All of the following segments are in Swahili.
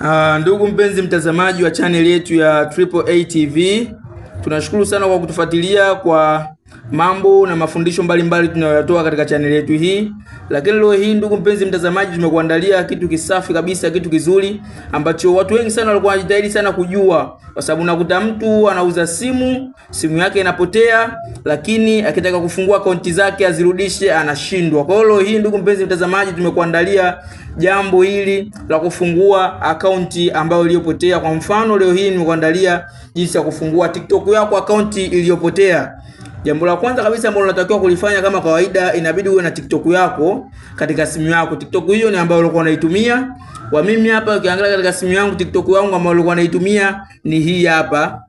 Uh, ndugu mpenzi mtazamaji wa chaneli yetu ya Triple A TV, tunashukuru sana kwa kutufuatilia kwa mambo na mafundisho mbalimbali tunayoyatoa katika chaneli yetu hii. Lakini leo hii, ndugu mpenzi mtazamaji, tumekuandalia kitu kisafi kabisa, kitu kizuri ambacho watu wengi sana walikuwa wanajitahidi sana kujua, kwa sababu nakuta mtu anauza simu, simu yake inapotea, lakini akitaka kufungua akaunti zake azirudishe anashindwa. Kwa hiyo leo hii, ndugu mpenzi mtazamaji, tumekuandalia jambo hili la kufungua akaunti ambayo iliyopotea. Kwa mfano, leo hii nimekuandalia jinsi ya kufungua TikTok yako akaunti iliyopotea. Jambo la kwanza kabisa ambalo unatakiwa kulifanya kama kawaida, inabidi uwe na TikTok yako katika simu yako. TikTok hiyo ni ambayo ulikuwa unaitumia. Kwa mimi hapa, ukiangalia katika simu yangu, TikTok yangu ambayo ulikuwa unaitumia ni hii hapa.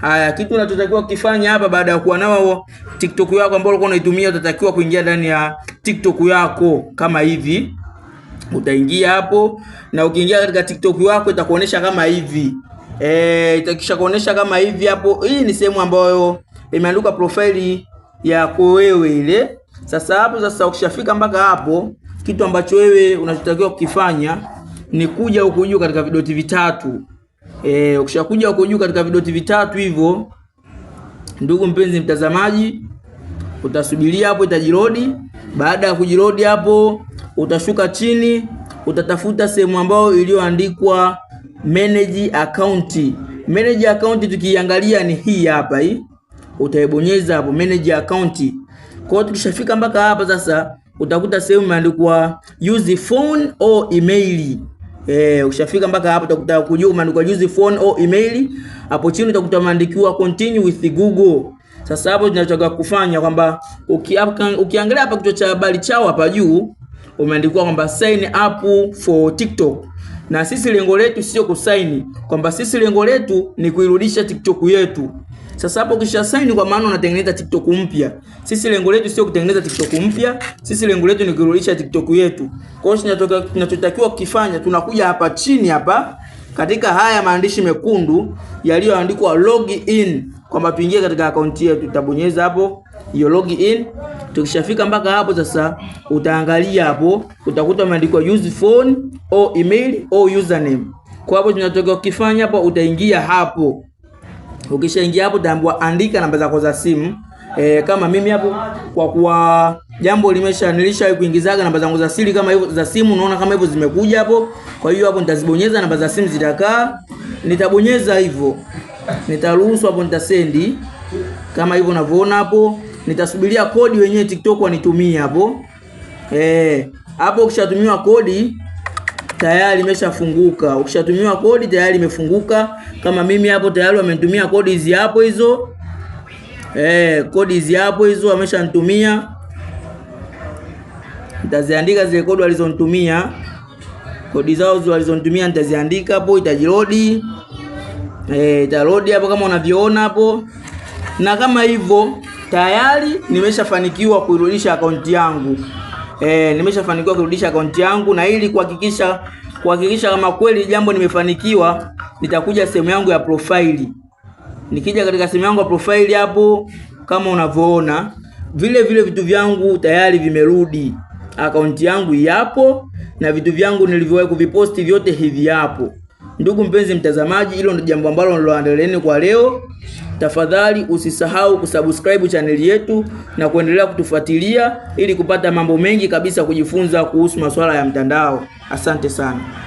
Haya, kitu unachotakiwa kufanya hapa, baada ya kuwa nao TikTok yako ambayo ulikuwa unaitumia, utatakiwa kuingia ndani ya TikTok yako kama hivi. Utaingia hapo, na ukiingia katika TikTok yako itakuonesha kama hivi. Eh, itakisha kuonesha kama hivi hapo. Hii ni sehemu ambayo imeandikwa profile yako wewe ile. Sasa hapo sasa, ukishafika mpaka hapo, kitu ambacho wewe unachotakiwa kukifanya ni kuja huku juu katika vidoti vitatu e, ukishakuja huku juu katika vidoti vitatu hivyo, ndugu mpenzi mtazamaji, utasubiria hapo, itajirodi. Baada ya kujirodi hapo, utashuka chini, utatafuta sehemu ambayo iliyoandikwa manage account. Manage account tukiangalia ni hii hapa hii utaibonyeza hapo manage account. Kwa hiyo tukishafika mpaka hapa sasa, utakuta sehemu imeandikwa use phone or email. Eh, ukishafika mpaka hapo utakuta kujua imeandikwa use phone or email. Hapo chini utakuta imeandikiwa continue with Google. Sasa hapo tunachotaka kufanya kwamba ukiangalia hapa kichwa cha habari chao hapa juu umeandikwa kwamba sign up for TikTok na sisi lengo letu sio kusaini, kwamba sisi lengo letu ni kuirudisha TikTok yetu. Sasa hapo ukisha sign, kwa maana unatengeneza TikTok mpya. Sisi lengo letu sio kutengeneza TikTok mpya, sisi lengo letu ni kurudisha TikTok yetu. Kwa hiyo tunachotakiwa kukifanya, tunakuja hapa chini hapa katika haya maandishi mekundu yaliyoandikwa log in, kwamba tuingie katika akaunti yetu, tutabonyeza hapo hiyo log in. Tukishafika mpaka hapo sasa, utaangalia hapo, utakuta umeandikwa use phone au email au username. Kwa hapo tunachotakiwa kukifanya hapo, utaingia hapo Ukishaingia hapo utaambiwa andika namba zako za simu. E, kama mimi hapo kwa kuwa jambo limesha nilisha kuingizaga namba zangu za siri kama hivyo za simu, unaona kama hivyo zimekuja hapo. Kwa hiyo hapo nitazibonyeza namba za simu zitakaa, nitabonyeza hivyo, nitaruhusu hapo, nitasendi kama hivyo unavyoona hapo. Nitasubiria kodi wenyewe TikTok wanitumia hapo eh, hapo ukishatumiwa kodi tayari imeshafunguka. Ukishatumiwa kodi tayari imefunguka. Kama mimi hapo tayari wamenitumia kodi hizi hapo hizo eh, kodi hizi hapo hizo wameshanitumia. Nitaziandika zile kodi walizonitumia, kodi zao zile walizonitumia nitaziandika hapo, itajirodi eh, itarodi hapo kama unavyoona hapo, na kama hivyo tayari nimeshafanikiwa kuirudisha akaunti yangu e, nimeshafanikiwa kurudisha akaunti yangu, na ili kuhakikisha kuhakikisha kama kweli jambo nimefanikiwa, nitakuja sehemu yangu ya profile. Nikija katika sehemu yangu ya profile hapo, kama unavyoona vile vile vitu vyangu tayari vimerudi, akaunti yangu yapo na vitu vyangu nilivyowahi kuviposti vyote hivi hapo. Ndugu mpenzi mtazamaji, hilo ndio jambo ambalo niloandaleni kwa leo. Tafadhali usisahau kusubscribe chaneli yetu na kuendelea kutufuatilia ili kupata mambo mengi kabisa kujifunza kuhusu masuala ya mtandao. Asante sana.